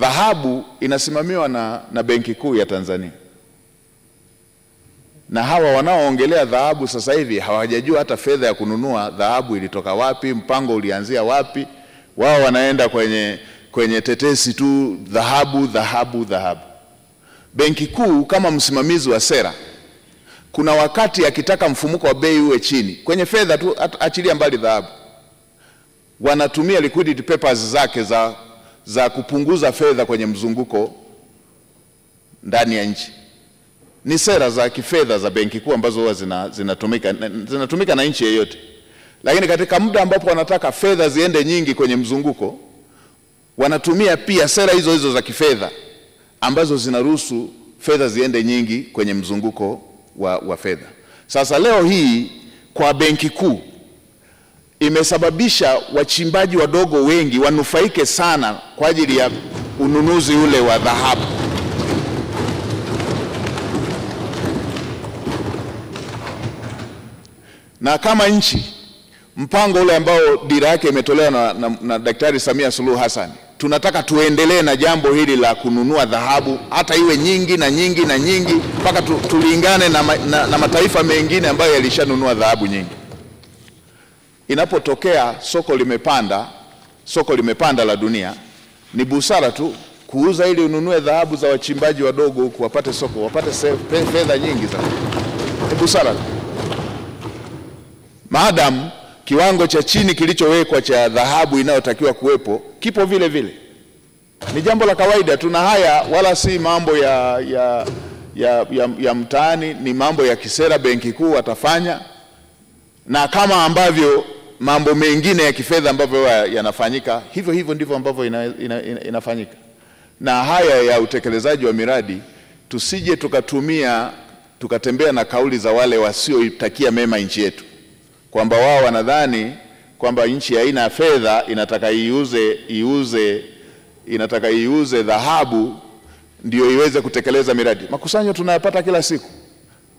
dhahabu inasimamiwa na, na Benki Kuu ya Tanzania, na hawa wanaoongelea dhahabu sasa hivi hawajajua hata fedha ya kununua dhahabu ilitoka wapi, mpango ulianzia wapi. Wao wanaenda kwenye, kwenye tetesi tu, dhahabu dhahabu dhahabu. Benki Kuu kama msimamizi wa sera, kuna wakati akitaka mfumuko wa bei uwe chini kwenye fedha tu, achilia mbali dhahabu, wanatumia liquidity papers zake za za kupunguza fedha kwenye mzunguko ndani ya nchi. Ni sera za kifedha za benki kuu ambazo huwa zina, zinatumika, zinatumika na nchi yeyote, lakini katika muda ambapo wanataka fedha ziende nyingi kwenye mzunguko wanatumia pia sera hizo hizo za kifedha ambazo zinaruhusu fedha ziende nyingi kwenye mzunguko wa, wa fedha. Sasa leo hii kwa benki kuu imesababisha wachimbaji wadogo wengi wanufaike sana kwa ajili ya ununuzi ule wa dhahabu. Na kama nchi, mpango ule ambao dira yake imetolewa na, na, na Daktari Samia Suluhu Hassan, tunataka tuendelee na jambo hili la kununua dhahabu, hata iwe nyingi na nyingi na nyingi mpaka tulingane na, na, na mataifa mengine ambayo yalishanunua dhahabu nyingi inapotokea soko limepanda, soko limepanda la dunia, ni busara tu kuuza ili ununue dhahabu za wachimbaji wadogo huku wapate soko, wapate fedha nyingi za Ni busara tu maadamu kiwango cha chini kilichowekwa cha dhahabu inayotakiwa kuwepo kipo vile vile. Ni jambo la kawaida tu, na haya wala si mambo ya, ya, ya, ya, ya mtaani, ni mambo ya kisera. Benki Kuu watafanya na kama ambavyo mambo mengine ya kifedha ambavyo yanafanyika hivyo hivyo ndivyo ambavyo ina, ina, ina, inafanyika. Na haya ya utekelezaji wa miradi tusije tukatumia tukatembea na kauli za wale wasioitakia mema nchi yetu, kwamba wao wanadhani kwamba nchi haina ya fedha inataka iuze, iuze, inataka iuze dhahabu ndio iweze kutekeleza miradi. Makusanyo tunayapata kila siku,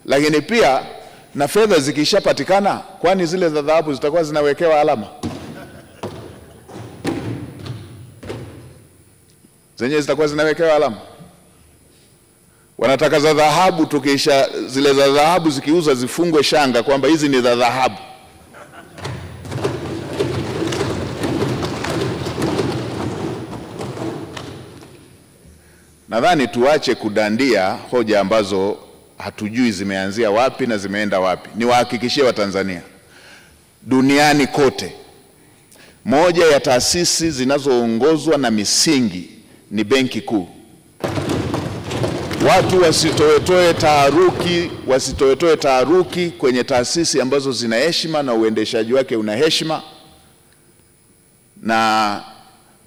lakini pia na fedha zikishapatikana, kwani zile za dhahabu zitakuwa zinawekewa alama zenyewe zitakuwa zinawekewa alama. Wanataka za dhahabu, tukisha zile za dhahabu zikiuza zifungwe shanga kwamba hizi ni za dhahabu. Nadhani tuache kudandia hoja ambazo hatujui zimeanzia wapi na zimeenda wapi. Niwahakikishie Watanzania, duniani kote, moja ya taasisi zinazoongozwa na misingi ni benki kuu. Watu wasitoetoe taharuki, wasitoetoe taharuki kwenye taasisi ambazo zina heshima na uendeshaji wake una heshima na,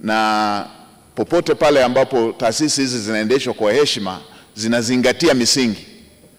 na popote pale ambapo taasisi hizi zinaendeshwa kwa heshima zinazingatia misingi.